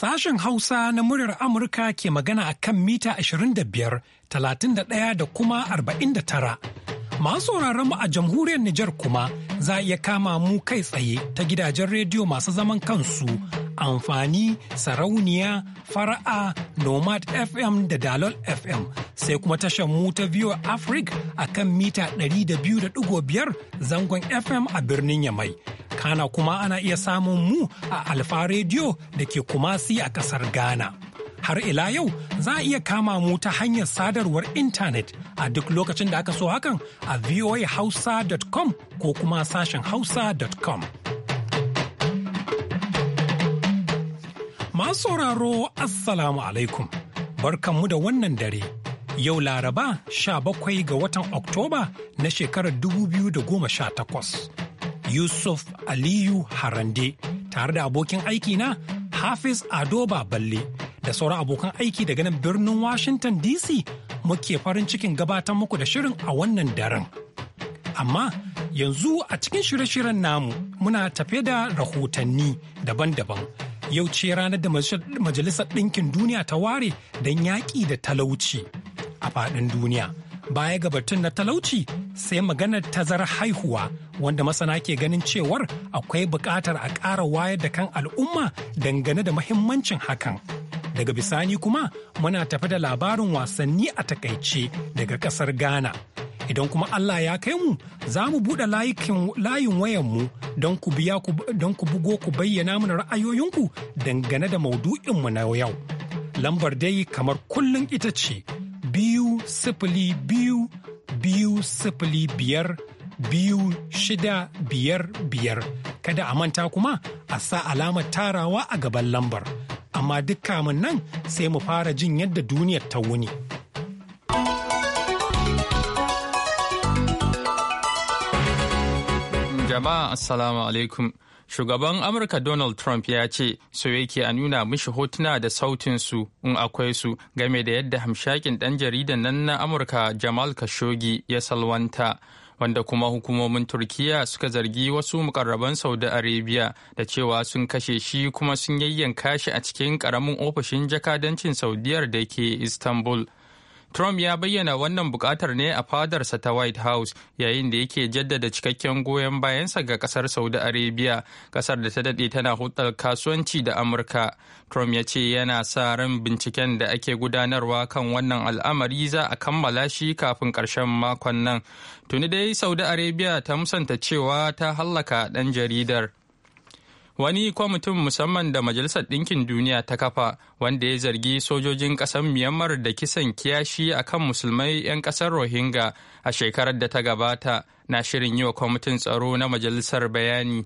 Sashen Hausa na muryar Amurka ke magana a kan mita 25, 31 da kuma 49. Masu mu a jamhuriyar Nijar kuma za a iya kama mu kai tsaye ta gidajen rediyo masu zaman kansu amfani sarauniya fara'a nomad fm da dalol fm sai kuma tashar mu ta biyu afrik a kan mita 200.5 zangon fm a birnin yamai kana kuma ana iya samun mu a alfa rediyo da ke kumasi a kasar ghana Har ila yau za a iya kama mu ta hanyar sadarwar intanet a duk lokacin da aka so hakan a voahausa.com ko kuma sashen hausa.com. Masu sauraro Assalamu alaikum, barkanmu da wannan dare. Yau Laraba sha bakwai ga watan Oktoba na shekarar 2018. Yusuf Aliyu Harande tare da abokin aikina Hafiz Adoba Balle da sauran abokan aiki daga nan birnin Washington DC muke farin cikin gabatar muku da shirin a wannan daren. Amma yanzu a cikin shirye-shiryen namu muna tafe da rahotanni daban-daban. Yau ce ranar da Majalisar Ɗinkin Duniya ta ware don yaƙi da talauci a faɗin duniya. Baya ga batun na talauci sai maganar tazarar haihuwa wanda masana ke ganin cewar akwai buƙatar a ƙara wayar da kan al'umma dangane da mahimmancin hakan. Daga bisani kuma muna tafi da labarin wasanni a takaice daga kasar Ghana. Idan kuma Allah ya kai mu za mu buɗe layin wayanmu don ku bugo ku bayyana mana ra'ayoyinku dangane da maudu'inmu na yau. Lambar dai kamar kullum ita ce biyu sifili biyu biyu sifili biyar biyu shida biyar biyar kada a manta kuma a sa alamar tarawa a gaban lambar amma duk kamun nan sai mu fara jin yadda duniyar ta wuni. Jama'a Assalamu alaikum. Shugaban Amurka Donald Trump ya ce so yake a nuna mishi hotuna da sautinsu in akwai su game da yadda hamshakin ɗan jaridan nan na Amurka Jamal Khashoggi ya salwanta. wanda kuma hukumomin turkiya suka zargi wasu mukarraban saudi arabia da cewa sun kashe shi kuma sun yayyanka shi a cikin karamin ofishin jakadancin saudiyar da ke istanbul Trump ya bayyana wannan bukatar ne a fadarsa ta White House yayin da yake jaddada cikakken goyon bayansa ga kasar Saudi Arabia, kasar da ta dade tana hudar kasuwanci da Amurka. Trump ya ce yana sa ran binciken da ake gudanarwa kan wannan al'amari za a kammala shi kafin ƙarshen makon nan. Tuni dai Saudi Arabia ta musanta cewa ta hallaka ɗan jaridar. wani kwamitin musamman da majalisar ɗinkin duniya ta kafa wanda ya zargi sojojin ƙasar myanmar da kisan kiyashi a kan musulmai 'yan ƙasar rohingya a shekarar da ta gabata na shirin yi wa kwamitin tsaro na majalisar bayani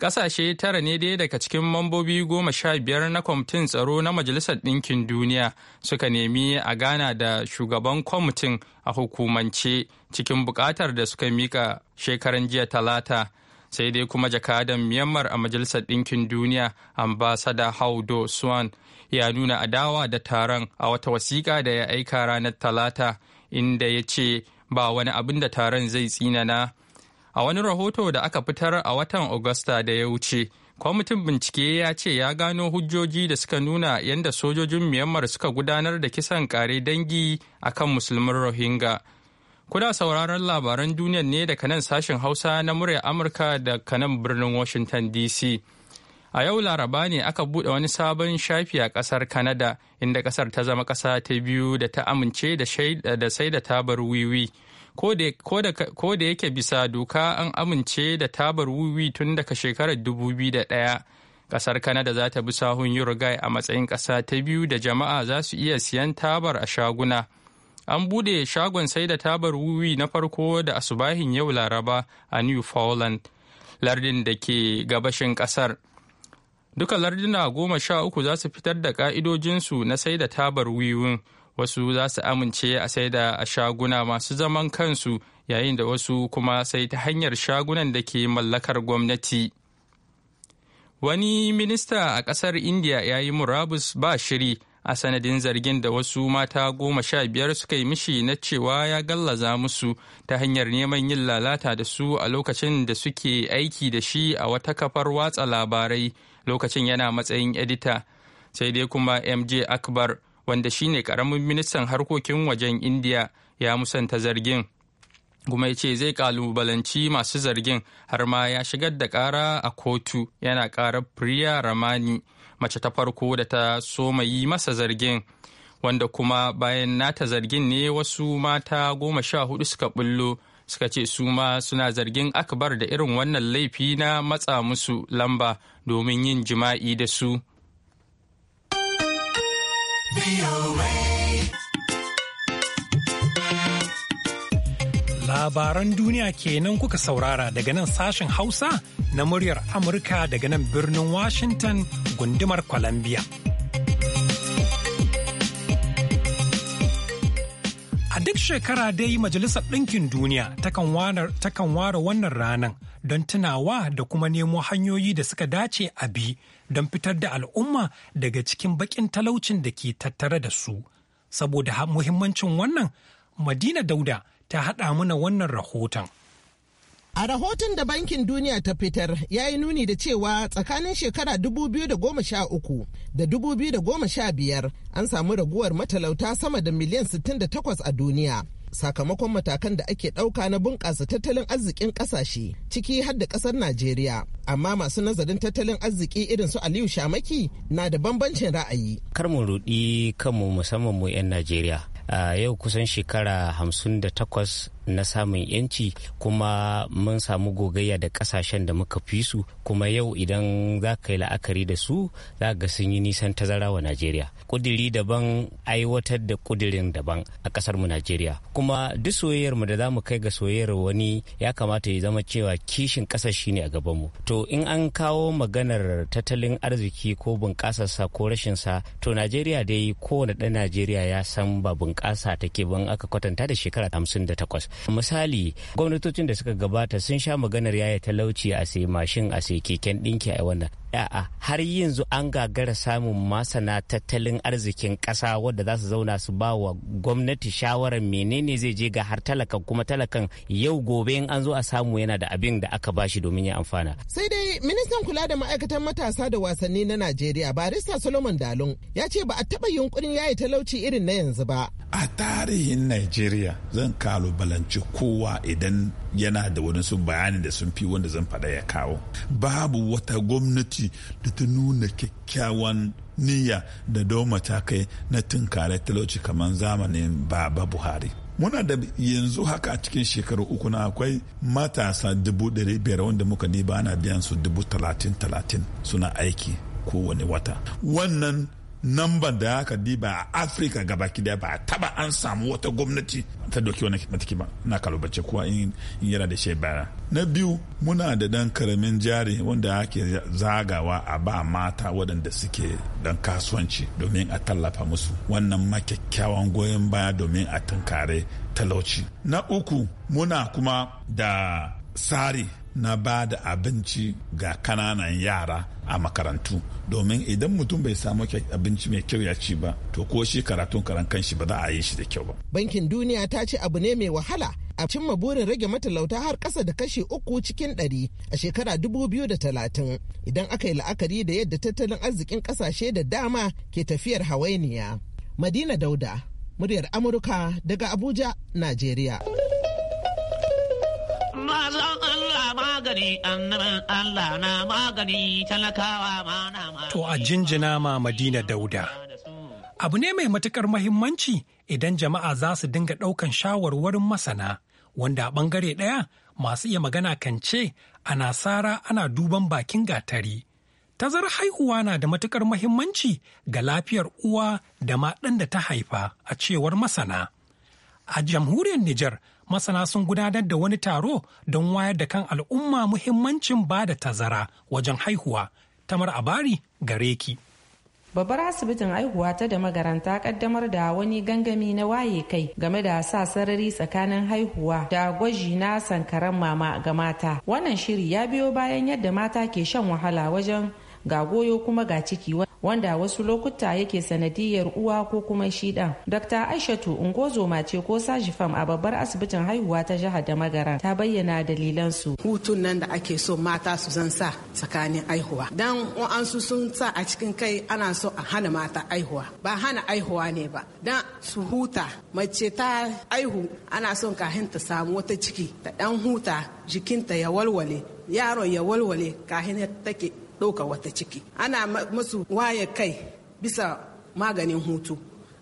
ƙasashe tara ne dai daga cikin mambobi goma sha biyar na kwamitin tsaro na majalisar ɗinkin duniya suka nemi a gana da shugaban kwamitin a hukumance cikin buƙatar da suka mika shekaran jiya talata sai dai kuma jakadan myanmar a majalisar ɗinkin duniya ambasada haudo swan ya nuna adawa da taron a wata wasiƙa da ya aika ranar talata inda ya ce ba wani abin da taron zai tsinana a wani rahoto da aka fitar a watan augusta da ya wuce kwamitin bincike ya ce ya gano hujjoji da suka nuna yadda sojojin myanmar suka gudanar da kisan kare dangi akan musulmin rohingya Kuna sauraron labaran duniyar ne daga nan sashen Hausa na murya Amurka da kanan birnin Washington DC. A yau Laraba ne aka buɗe wani sabon shafi a ƙasar kanada inda ƙasar ta zama ƙasa ta biyu da ta amince da sai da tabar wiwi. Ko da yake bisa doka an amince da tabar wiwi tun daga shekarar 2001. Ƙasar kanada za ta bi sahun Uruguay a matsayin ƙasa ta biyu da jama'a za su iya siyan tabar a shaguna. an buɗe shagon sai da tabar wuwi na farko da asubahin yau laraba a newfoundland lardin da ke gabashin ƙasar duka lardina goma sha uku za su fitar da ƙa'idojinsu na sai da tabar wiwin wasu za su amince a sai da a shaguna masu zaman kansu yayin da wasu kuma sai ta hanyar shagunan da ke mallakar gwamnati wani minista a ƙasar india ya yi murabus ba shiri a sanadin zargin da wasu mata goma sha biyar suka yi mishi na cewa ya gallaza musu ta hanyar neman yin lalata da su a lokacin da suke aiki da shi a wata kafar watsa labarai lokacin yana matsayin edita sai dai kuma mj akbar wanda shine karamin ministan harkokin wajen indiya ya musanta zargin kuma ya ce zai kalubalanci masu zargin har ma ya shigar da kara a kotu yana kara priya ramani mace ta farko da ta soma yi masa zargin wanda kuma bayan nata zargin ne wasu mata goma sha hudu suka bullo suka ce su ma suna zargin akbar da irin wannan laifi na matsa musu lamba domin yin jima'i da su. Labaran duniya kenan kuka saurara daga nan sashen Hausa na muryar Amurka daga nan birnin Washington gundumar Columbia. A duk shekara dai Majalisar Ɗinkin Duniya takan ware wannan ranan don tunawa da kuma nemo hanyoyi da suka dace a bi don fitar da al'umma daga cikin baƙin talaucin da ke tattare da su. Saboda muhimmancin wannan, Madina Dauda ta haɗa mana wannan rahoton. A rahoton da Bankin Duniya ta fitar ya yi nuni da cewa tsakanin shekara 2013 da 2015 an samu raguwar matalauta sama da miliyan 68 a duniya. Sakamakon matakan da ake ɗauka na bunƙasa tattalin arzikin ƙasashe ciki har da ƙasar Najeriya. Amma masu nazarin tattalin arziki irin su Aliyu Shamaki na da bambancin ra'ayi. Kar mu ruɗi kanmu musamman mu 'yan Najeriya. yau kusan shekara hamsin da takwas na samun yanci kuma mun samu gogayya da kasashen da muka fi su kuma yau idan za ka yi la'akari da su za ga sun yi nisan tazara wa najeriya kudiri daban aiwatar da kudirin daban a kasar mu najeriya kuma duk soyayyar mu da za mu kai ga soyayyar wani ya kamata ya zama cewa kishin kasar shine a gaban mu to in an kawo maganar tattalin arziki ko bunƙasarsa ko rashin sa to najeriya dai kowane ɗan najeriya ya san ba bunƙasa take ban aka kwatanta da shekara 58 misali gwamnatocin da suka gabata sun sha maganar yaya talauci a sai mashin a sai keken ɗinki a wannan a'a har yanzu an gagara samun masana tattalin arzikin ƙasa wadda za su zauna su ba wa gwamnati shawarar menene zai je ga har talakan kuma talakan yau gobe in an zo a samu yana da abin da aka bashi domin ya amfana. sai dai ministan kula da ma'aikatan matasa da wasanni na najeriya barista solomon dalun ya ce ba a taba yunkurin yayi talauci irin na yanzu ba. a tarihin najeriya zan kalubalanci kowa idan yana da wani sun bayani da sun fi wanda zan faɗa ya kawo babu wata gwamnati ci da ta nuna kyakkyawan niyya da do matakai na tunkare talauci kamar zamanin baba buhari muna da yanzu haka a cikin shekaru uku na akwai matasa dubu ɗari biyar wanda muka ni bana biyan su dubu talatin talatin suna aiki kowane wata wannan namban da aka diba a afirka gabaki daya ba a taba an samu wata gwamnati ta doki wani mataki ba na kalubace kuwa in yana da shi bara na biyu muna da dan karamin jari wanda ake zagawa a ba mata waɗanda suke dan kasuwanci domin a tallafa musu wannan ma kyakkyawan goyon baya domin a tunkare talauci na uku muna kuma da tsari na ba da abinci ga kananan yara a makarantu domin idan mutum bai samu abinci mai kyau ya ci ba to ko shi karatun karan kanshi ba za a yi shi da kyau ba bankin duniya ta ce abu ne mai wahala a cimma burin rage matalauta har kasa da kashi uku cikin ɗari a shekara dubu biyu da talatin idan aka yi la'akari da yadda tattalin arzikin ƙasashe da dama ke tafiyar hawainiya madina dauda muryar amurka daga abuja najeriya magani annabin Allah na magani talakawa ma na magani. To a jinjina ma Madina Dauda. Abu ne mai matukar mahimmanci idan jama'a za su dinga ɗaukan shawarwarin masana wanda a ɓangare ɗaya masu iya magana kan ce ana sara ana duban bakin gatari. Tazar haihuwa na da matukar mahimmanci ga lafiyar uwa da ma ɗan da ta haifa a cewar masana. A jamhuriyar Nijar masana sun gudanar da wani taro don wayar da kan al'umma muhimmancin ba da tazara wajen haihuwa tamar abari gare ki. Babbar asibitin haihuwa ta da magaranta kaddamar da wani gangami na waye kai game da sa sarari tsakanin haihuwa da gwaji na sankaran mama ga mata. Wannan shiri ya biyo bayan yadda mata ke shan wahala wajen ga goyo kuma ga ciki wanda wasu lokuta yake sanadiyar uwa ko kuma shi ɗan. Dr. Aishatu Ungozoma ce ko Sajifam a babbar asibitin haihuwa ta jihar da Magara ta bayyana dalilan su. Hutun nan da ake so mata su zan sa tsakanin aihuwa. Dan wa'ansu sun sa a cikin kai ana so a hana mata aihuwa. Ba hana aihuwa ne ba. Dan su huta mace ta aihu ana son kahin ta samu wata ciki ta dan huta jikinta ya walwale yaron ya walwale kahin take ɗauka wata ciki ana musu waye kai bisa maganin hutu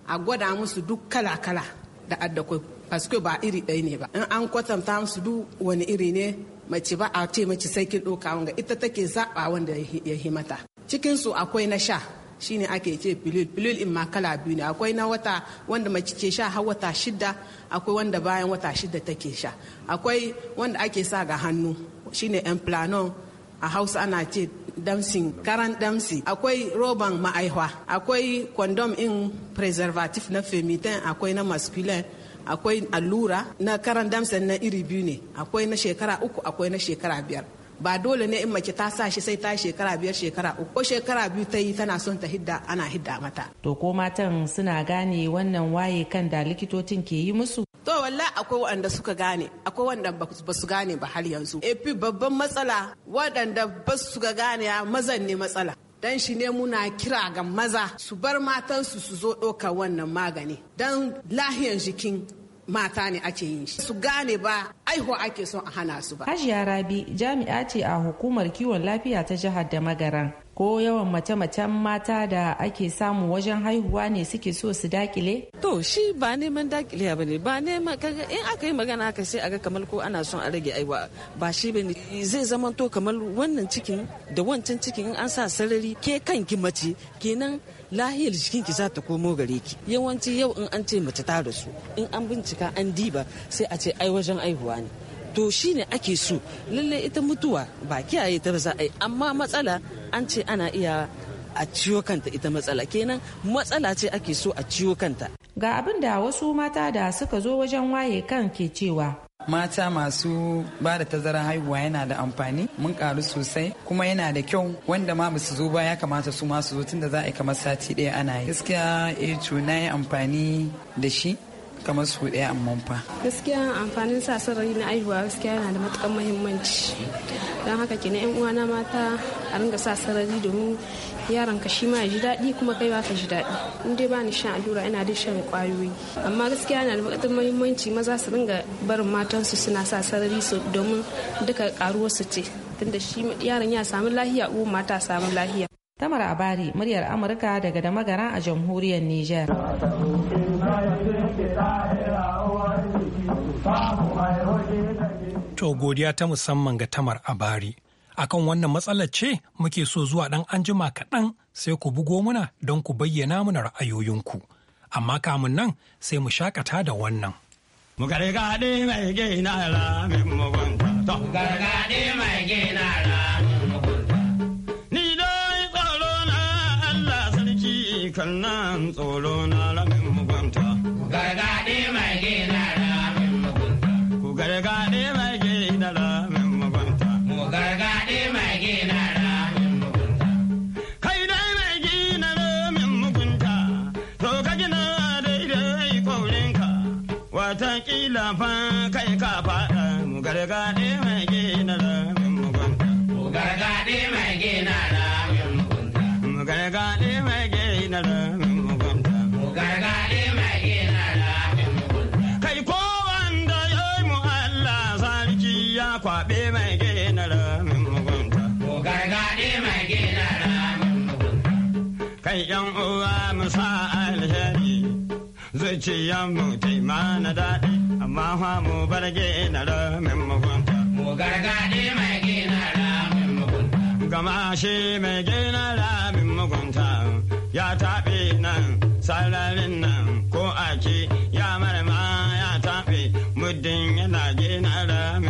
a gwada musu duk kala-kala da addakwai paske ba iri ɗaya ne ba in an kwatanta musu duk wani iri ne mace ba a ce mace sai kin ɗauka wanga ita take zaɓa wanda ya himata cikin su akwai na sha shine ake ce pilil pilil in ma kala biyu ne akwai na wata wanda mace ke sha har wata shida akwai wanda bayan wata shida take sha akwai wanda ake sa ga hannu shine emplanon a hausa ana ce damsin karan damsi akwai roban ma'aihwa akwai kwandom in preservative na femitin akwai na masculine akwai allura na karan damsin na iri biyu ne akwai na shekara uku akwai na shekara biyar ba dole ne in mace ta sa shi sai ta shekara biyar shekara uku ko shekara biyu ta yi tana son ta hidda ana hidda mata. To ko matan suna gane wannan waye kan da likitocin ke yi musu? Walla akwai waɗanda suka gane akwai wanda ba su gane ba har yanzu fi babban matsala waɗanda ba su ga gane mazan ne matsala dan shi ne muna kira ga maza su bar matansu su zo ɗaukar wannan magani Don lahiyar jikin mata ne ake yin shi su gane ba aiho ake son a hana su ba hajiya rabi jami'a ce a hukumar kiwon lafiya ta jihar da magaran ko yawan mace-macen mata da ake samu wajen haihuwa ne suke so su dakile? To shi ba neman dakile ba ne ba neman in aka yi magana aka sai aga kamar ko ana son a rage aiwa ba shi ba ne zai zama to kamar wannan cikin da wancan cikin in an sa sarari ke kan ki mace kenan lahiyar jikinki za ta komo gare ki yawanci yau in an ce mace ta rasu in an bincika an diba sai a ce ai wajen haihuwa ne to shi ne ake so lalle ita mutuwa ba kiyaye ta za a amma matsala an ce ana iya a ciwo kanta ita matsala kenan matsala ce ake so a ciwo kanta ga abin da wasu mata da suka zo wajen waye kan ke cewa mata masu ba da tazarar haihuwa yana da amfani mun karu sosai kuma yana da kyau wanda ma su zo ba ya kamata su ma su zo tunda za a yi kamar sati ɗaya ana yi gaskiya eh na yi amfani da shi kamar su ɗaya amma fa. Gaskiya amfanin sa sarari na aihuwa gaskiya yana da matukan muhimmanci. Don haka ke na 'yan uwana mata a ringa sa sarari domin yaron ka shi ma ya ji daɗi kuma kai ka ji daɗi. In dai bani ni shan allura ina dai shan ƙwayoyi. Amma gaskiya yana da matukan muhimmanci maza su ringa barin matansu suna sa sarari su domin duka ƙaruwarsu ce. Tunda shi yaron ya samu lahiya uwan mata samu lahiya. Tamar Abari muryar Amurka daga da magara a jamhuriyar Nijar. To godiya ta musamman ga Tamar Abari. Akan wannan matsalar ce muke so zuwa ɗan anjima kaɗan sai ku bugo muna don ku bayyana muna ra'ayoyinku. Amma kamun nan sai mu shakata da wannan. Mu mai gina mugunta. mai gina kan nan tsoro na kai yan uwa mu sa alheri zuciya mu taimana daɗi amma fa mu bar gina ramin mugunta. Mu gargaɗi mai gina ramin mugunta. Gama shi mai gina ramin mugunta ya taɓe nan sararin nan ko ake ya marama ya taɓe muddin yana gina ramin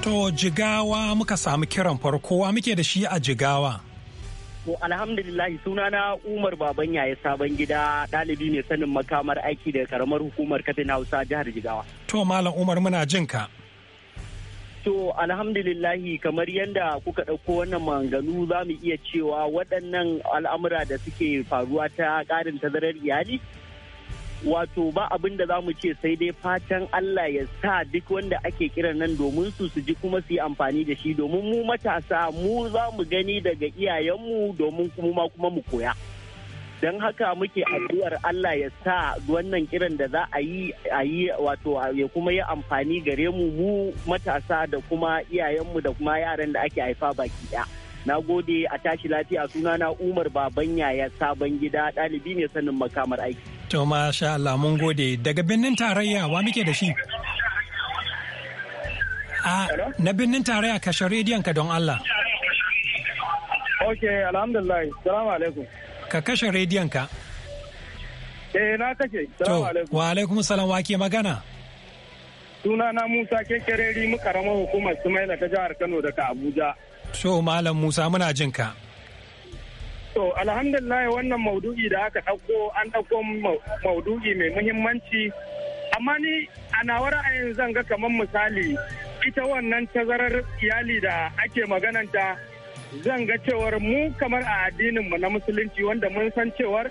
To jigawa muka samu kiran farko wa muke da shi a jigawa. To alhamdulillahi sunana Umar Babanya ya sabon gida ɗalibi ne sanin makamar aiki da karamar hukumar Katin Hausa jihar Jigawa. To Malam Umar muna jin ka. To alhamdulillahi kamar yadda kuka ɗauko wannan manganu za mu iya cewa waɗannan al'amura da suke faruwa ta ƙarin tazarar iyali wato ba abin da za mu ce sai dai fatan Allah ya sa duk wanda ake kiran nan domin su su ji kuma su yi amfani da shi domin mu matasa mu za mu gani daga iyayenmu domin kuma kuma mu koya. Don haka muke addu'ar Allah ya sa wannan kiran da za a yi a yi wato ya kuma yi amfani gare mu mu matasa da kuma iyayenmu da kuma yaran da ake haifa baki ɗaya. na gode a tashi lafiya sunana umar baban ya sabon gida ɗalibi ne sanin makamar aiki To masha Allah mun gode daga birnin tarayya wa muke da shi? A na birnin tarayya kashe rediyon ka don Allah. Ok alhamdulillah salamu alaikum. Ka kashe rediyon ka. Eh na kashe salamu alaikum. Wa alaikum salam wa ke magana? Suna na Musa Kekereri mu karamar hukumar Sumaila ta jihar Kano daga Abuja. To Malam Musa muna jin ka. To alhamdulillah wannan maudu'i da aka ɗauko an ɗauko maudu'i mai muhimmanci amma ni a nawa ra'ayin zan ga kamar misali ita wannan tazarar iyali da ake magananta zan ga cewar mu kamar a addininmu na musulunci wanda mun san cewar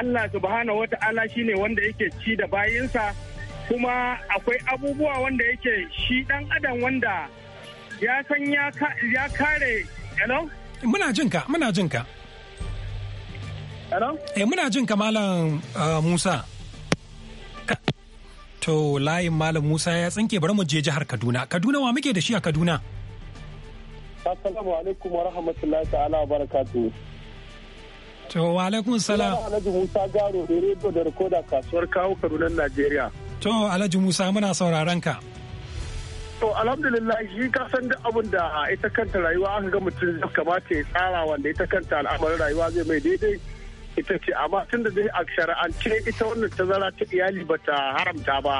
Allah subhanahu wata'ala ne wanda yake ci da bayinsa kuma akwai abubuwa wanda yake shi dan adam wanda ya san ya kare know? muna jinka muna jinka Eh muna jin kamalan ah, Musa. To layin Malam Musa ya tsinke bari mu je jihar Kaduna. Kaduna wa muke da shi a Kaduna? Assalamu alaikum wa rahmatullahi ta'ala wa barakatuhu. To wa alaikum salam. Alhaji Musa Garo da Rebo da rikoda kasuwar kawo Kaduna Najeriya. To Alhaji Musa muna sauraron ka. To alhamdulillah shi ka san duk abin da ita kanta rayuwa aka ga mutum kamata ya tsara wanda ita kanta al'amarin rayuwa zai mai daidai ita ce amma tun da zai a shari'ance ita wannan tazara ta iyali ba ta haramta ba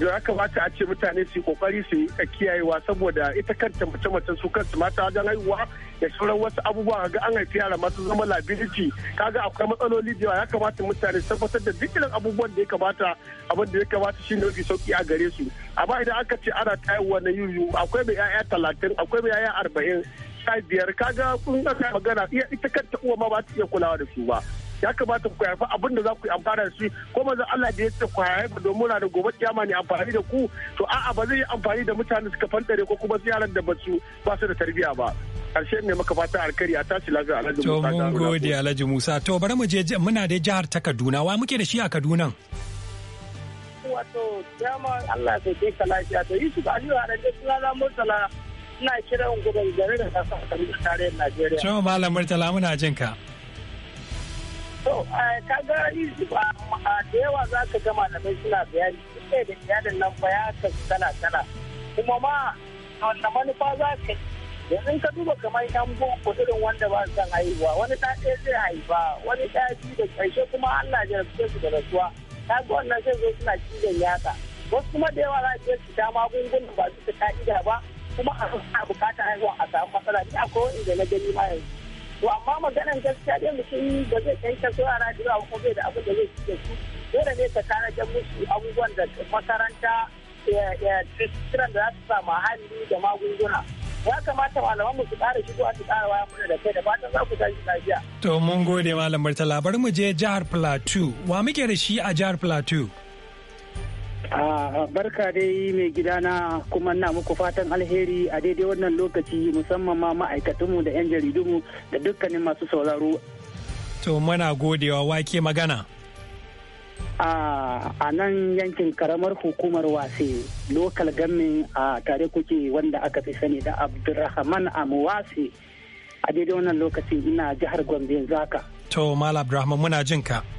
ya kamata a ce mutane su yi kokari su yi kiyayewa saboda ita kanta mace mace su kansu mata wajen haihuwa da sauran wasu abubuwa ga an haifi yara masu zama labiriti kaga akwai matsaloli da ya kamata mutane su tabbatar da duk abubuwan da ya kamata abin da ya kamata shi ne sauki a gare su amma idan aka ce ana ta haihuwa na yuyu akwai mai yaya talatin akwai mai yaya arba'in 'ya'ya biyar kaga kun ga magana iya ita ta uwa ma ba ta iya kulawa da su ba ya kamata ku haifa abin da za ku yi amfana da su ko maza Allah da ya ce ku haifa domin na da gobe kiyama ne amfani da ku to a'a ba zai yi amfani da mutane suka fantare ko kuma yaran da basu ba su da tarbiya ba karshen ne maka fata alkari a tashi lafiya Alhaji Musa to mun gode Alhaji Musa to bari mu je muna da jihar ta Kaduna wa muke da shi a Kaduna wato dama Allah ya sauke ka lafiya to Yusuf Aliyu a da Sulala Murtala ina kiran gudan gari da kasa a tarayyar Najeriya. Cewa Malam Murtala muna jin ka. To, ka ga ba da yawa za ka ga malamai suna bayani sai da iyalin nan ba ya kasu tana tana. Kuma ma wanda manufa za ka yanzu ka duba kamar yan boko irin wanda ba san haihuwa wani ta ɗaya zai haifa wani ta biyu da ƙarshe kuma Allah ya rasu su da rasuwa. Ta ga wannan sai zo suna cizon yaka. Wasu kuma da yawa za ka su ta magunguna ba su ta ka'ida ba kuma a sa bukata haihuwa a samu matsala ni a akwai da na gani ma yanzu to amma maganan gaskiya dai mutum ba zai kai ta yara da ko bai da abin da zai cike su dole ne ka jan musu abubuwan da makaranta eh, eh, kiran da za su sa mahalli da magunguna ya kamata malaman mu su ƙara shigowa su ƙara waya mana da kai da fatan za ku tashi lafiya. To mun gode malam Murtala bari mu je jihar Plateau wa muke da shi a jihar Plateau. barka dai mai gidana kuma na muku fatan alheri a daidai wannan lokaci musamman ma ma'aikatunmu da 'yan jaridunmu da dukkanin masu sauraro. To mana godewa wake magana. a nan yankin karamar hukumar wase lokal gamin a tare kuke wanda aka fi sani da abdurrahman amuwase a daidai wannan lokacin ina jihar gombe zaka. To Mal abdurrahman muna jinka. ka.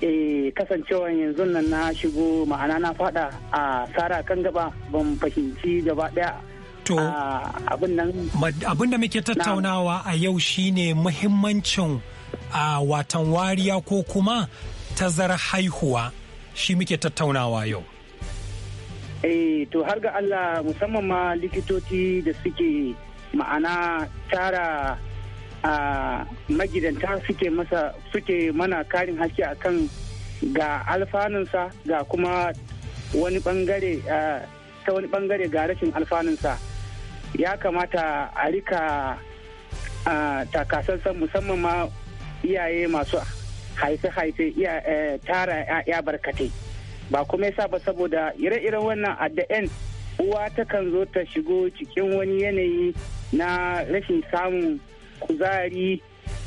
Eh, kasancewa yanzu nan na shigo ma'ana na fada a sara kan gaba ban fahimci gaba daya to ah, abin da muke tattaunawa a yau shine muhimmancin a watan wariya ko kuma tazar haihuwa shi muke tattaunawa yau eh to har ga Allah musamman ma likitoci da suke ma'ana tara a magidanta suke masa suke mana karin haske kan ga alfanunsa ga kuma wani bangare ta wani bangare ga rashin alfanunsa ya kamata a rika takasassan musamman ma iyaye masu haife-haife e, tara ya barkatai ba kuma yasa ba saboda ire-iren wannan at the end uwa kan zo ta shigo cikin wani yanayi na rashin samun kuzari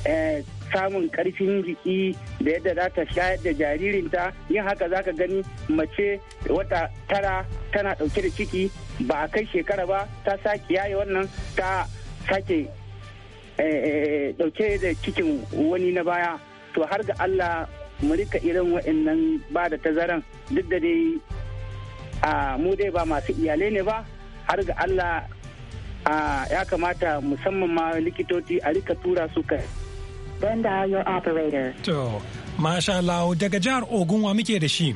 eh, samun karfin jiki da yadda za ta shayar da jaririnta yin haka za ka gani mace wata tara tana ɗauke da ciki ba a kai shekara ba ta sake yaye wannan ta sake eh, eh, ɗauke da cikin wani na baya to har ga Allah mu rika irin wa'annan ba da tazaran duk da dai ah, mu dai ba masu iyalai ne ba har ga Allah ya kamata musamman ma likitoci a rika tura su kai. To, masha Allah daga jihar Ogun wa muke da shi.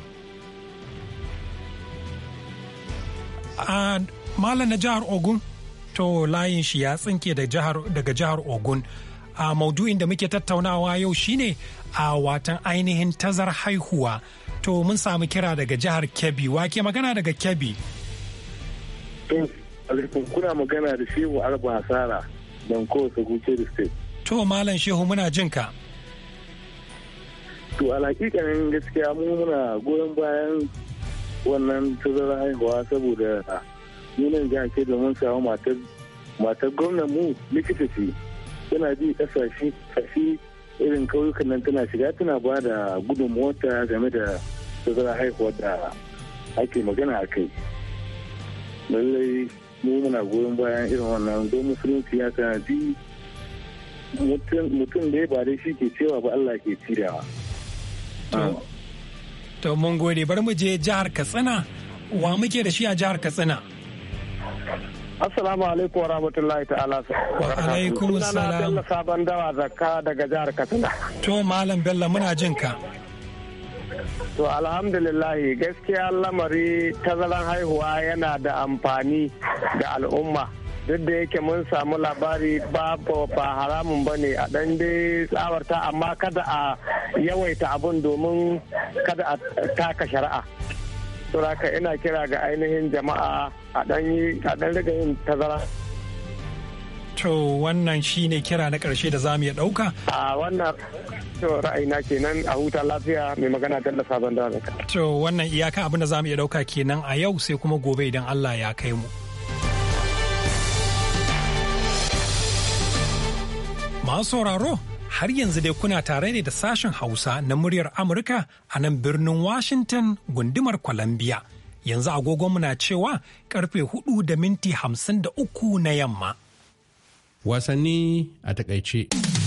Malam na jihar Ogun, to layin shi ya tsinke daga jihar Ogun. A maudu'in da muke tattaunawa yau shine a watan ainihin tazar haihuwa. To mun samu kira daga jihar Kebbi, wake magana daga Kebbi. alaikum kuna magana da shehu arba hasara don kowace guce da state to malam shehu muna jin ka to alhakikanin gaskiya mu muna goyon bayan wannan tazara haihuwa saboda nunan jihar ke domin samu matar gwamnan mu likita ce tana bi kasashe kashi irin kawukan nan tana shiga tana ba da gudunmuwarta game da tazara haihuwa da ake magana a kai lallai mu muna goyon bayan irin wannan don musulunci ya kana bi mutum da ba dai shi ke cewa ba Allah ke cirewa. Ah. To mun gode bari mu je jihar Katsina wa muke da shi a jihar Katsina. Assalamu alaikum wa rahmatullahi ta'ala. Wa alaikum salam. Ina na Sabon Dawa Zakka daga jihar Katsina. To Malam Bello muna jin ka. To alhamdulillahi gaskiya lamari tazaran haihuwa yana da amfani ga al'umma. duk da yake mun samu labari ba ba haramun ba ne a ɗan dai tsawarta amma kada a yawaita abun domin kada a taka shari'a. Turaka ina kira ga ainihin jama'a a ɗan riga yin tazara. To wannan shi ne kira na ƙarshe da za mu iya ɗauka? A wannan To ra'ayina kenan a huta lafiya mai magana dalla Sabon da To wannan iyakan abin da za mu iya ɗauka kenan a yau sai kuma gobe idan Allah ya kai mu. Masu sauraro har yanzu dai kuna tare ne da sashen Hausa na muryar Amurka a nan birnin Washington gundumar Columbia. Yanzu agogonmu na cewa karfe hudu da minti hamsin da uku na yamma. Wasanni a takaice.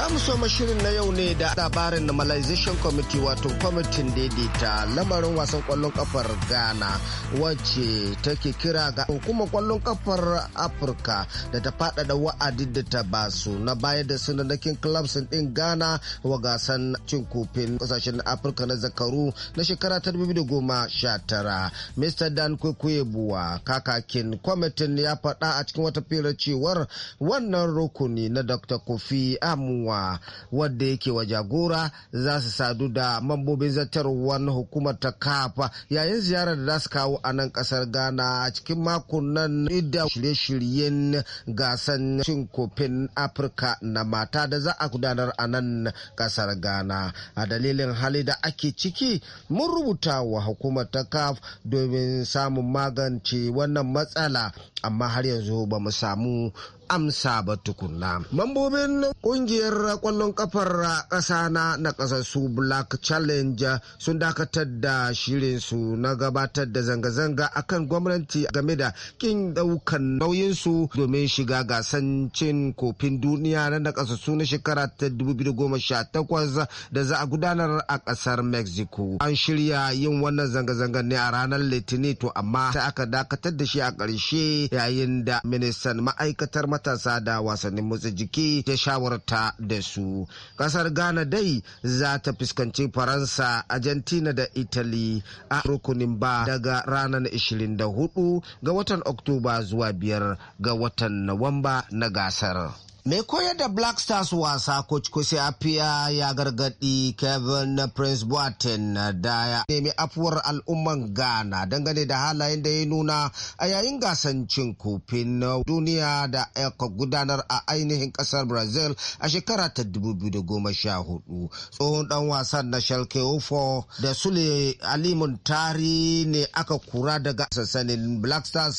Za mu so shirin na yau ne da labarin normalization committee wato kwamitin daidaita lamarin wasan kwallon kafar Ghana wacce take kira ga hukumar kwallon kafar Afirka da ta faɗaɗa wa'adi da ta basu na baya da sunanakin clubs ɗin Ghana wa gasan cin kofin ƙasashen Afirka na zakaru na shekara ta 2019. Mr. Dan Kwekwebuwa kakakin kwamitin ya faɗa a cikin wata firar cewar wannan rukuni na Dr. Kofi Amu zartarwa wadda yake wa jagora za su sadu da mambobin zartarwar hukumar ta kafa yayin ziyarar da za su kawo a nan kasar ghana a cikin makon nan da shirye-shiryen gasan cin kofin afirka na mata da za a gudanar a nan kasar ghana a dalilin hali da ake ciki mun rubuta wa hukumar ta kaf domin samun magance wannan matsala amma har yanzu ba mu samu amsa ba tukunna. Mambobin kungiyar kwallon kafar ƙasa na su Black Challenge sun dakatar da shirinsu na gabatar da zanga-zanga akan gwamnati game da kin daukan nauyinsu domin shiga gasan cin kofin duniya na su na shekara ta 2018 da za a gudanar a ƙasar Mexico. An shirya yin wannan zanga-zangar ne a ranar Litinin to amma sai aka dakatar da shi a ƙarshe yayin da ministan ma'aikatar matasa da wasannin motsa jiki ya shawarta da su kasar ghana dai za ta fuskanci faransa argentina da italy a rukunin ba daga ranar 24 ga watan oktoba zuwa biyar ga watan nawamba na gasar Mai koyar da Black Stars wasa coach a fiya ya gargadi Kevin Prince Boateng na daya nemi afuwar al'umman Ghana dangane da halayen da ya nuna a yayin gasan cin kofin duniya da aka gudanar a ainihin kasar Brazil a shekara ta 2014. Tsohon dan wasan na Shalke 04 da Sule Alimun Tari ne aka kura daga sassanin Black Stars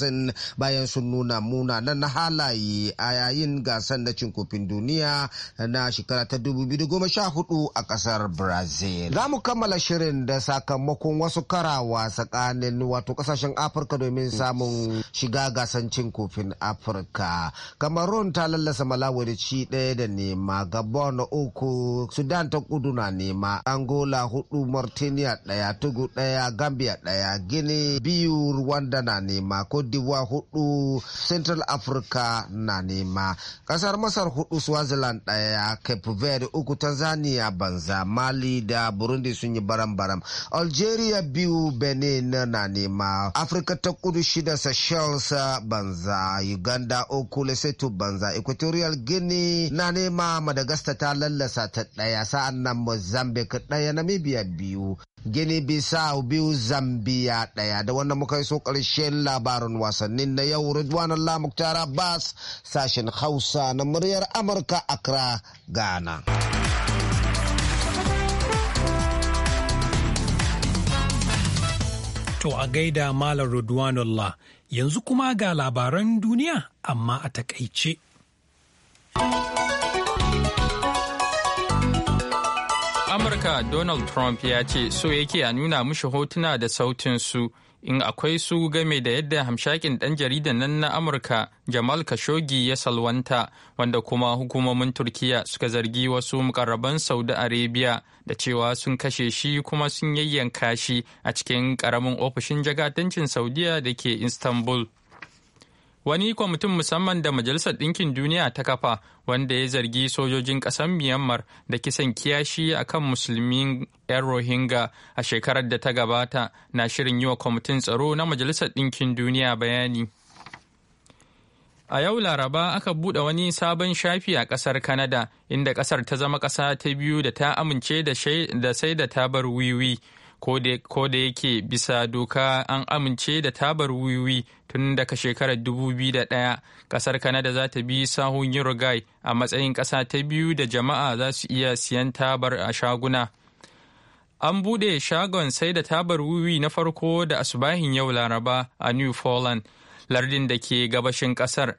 bayan sun nuna munanan halaye a yayin gasan da cin kofin duniya na shekara ta 2014 a kasar brazil za mu kammala shirin da sakamakon wasu karawa tsakanin wato kasashen afirka domin samun shiga gasan cin kofin afirka cameroon ta lallasa malawi da ci ɗaya da nema gabon uku sudan ta kudu na nema angola hudu martinia ɗaya tugu ɗaya gambia ɗaya gini biyu rwanda na nema cote d'ivoire hudu central africa na nema kasar Masar hudu Swaziland daya Cape Verde uku Tanzania banza Mali da Burundi sun yi baram-baram. Algeria biyu Benin na nema Afirka ta kudu shida Seychelles banza Uganda uku Lesotho banza Equatorial Guinea na nema Madagascar ta lallasa ta daya sa'an nan Mozambique daya Namibia biyu gini bisa biyu zambiya ɗaya da wannan muka so ƙarshen labarin wasannin na yau ridwan allah muktar abbas sashen hausa na muryar amurka accra ghana to a gaida malam allah yanzu kuma ga labaran duniya amma a takaice. Amurka Donald Trump ya ce so yake a nuna mushi hotuna da sautin su in akwai su game da yadda hamshakin ɗan jaridan nan na Amurka Jamal Khashoggi ya salwanta wanda kuma hukumomin Turkiya suka zargi wasu mukarraban Saudi Arabia da cewa sun kashe shi kuma sun yayyanka shi a cikin ƙaramin ofishin jagadancin Saudiya da ke Istanbul. wani kwamitin musamman da majalisar ɗinkin duniya ta kafa wanda ya zargi sojojin ƙasar myanmar da kisan kiyashi a kan musulmin 'yan rohingya a shekarar da ta gabata na shirin yi wa kwamitin tsaro na majalisar ɗinkin duniya bayani a yau laraba aka buɗe wani sabon shafi a ƙasar kanada inda ƙasar ta zama ƙasa ta biyu da ta amince da sai da tabar wiwi ko da yake bisa doka an amince da tabar wiwi tun daga shekarar 2001 kasar kanada za ta bi sahun uruguay a matsayin kasa ta biyu da jama'a za su iya siyan tabar a shaguna an bude shagon sai da tabar wiwi na farko da asubahin yau laraba a new Poland lardin da ke gabashin kasar.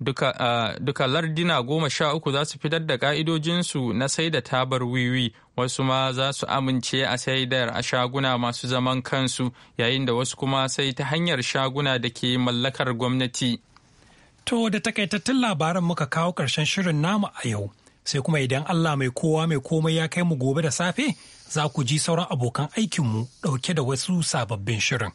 duka, lardina goma sha uku za su fitar da ka'idojinsu na sai da tabar wiwi wasu ma za su amince a saidar a shaguna masu zaman kansu yayin da wasu kuma sai ta hanyar shaguna da ke mallakar gwamnati. To da takaitattun labaran muka kawo karshen shirin namu a yau sai kuma idan Allah mai kowa mai komai ya kai mu gobe da safe za ku ji sauran abokan aikinmu ɗauke da wasu sababbin shirin.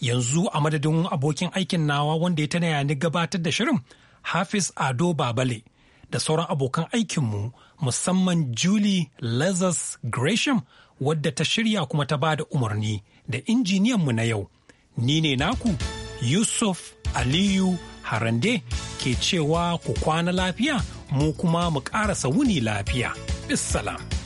Yanzu a madadin abokin aikin nawa wanda ya tana yani gabatar da shirin hafiz ado babale da sauran abokan aikinmu musamman julie lazarus gresham wadda ta shirya kuma ta bada umarni da injiniyanmu na yau ni ne naku yusuf aliyu harande ke cewa ku kwana lafiya mu kuma mu ƙara wuni lafiya. Bissalam.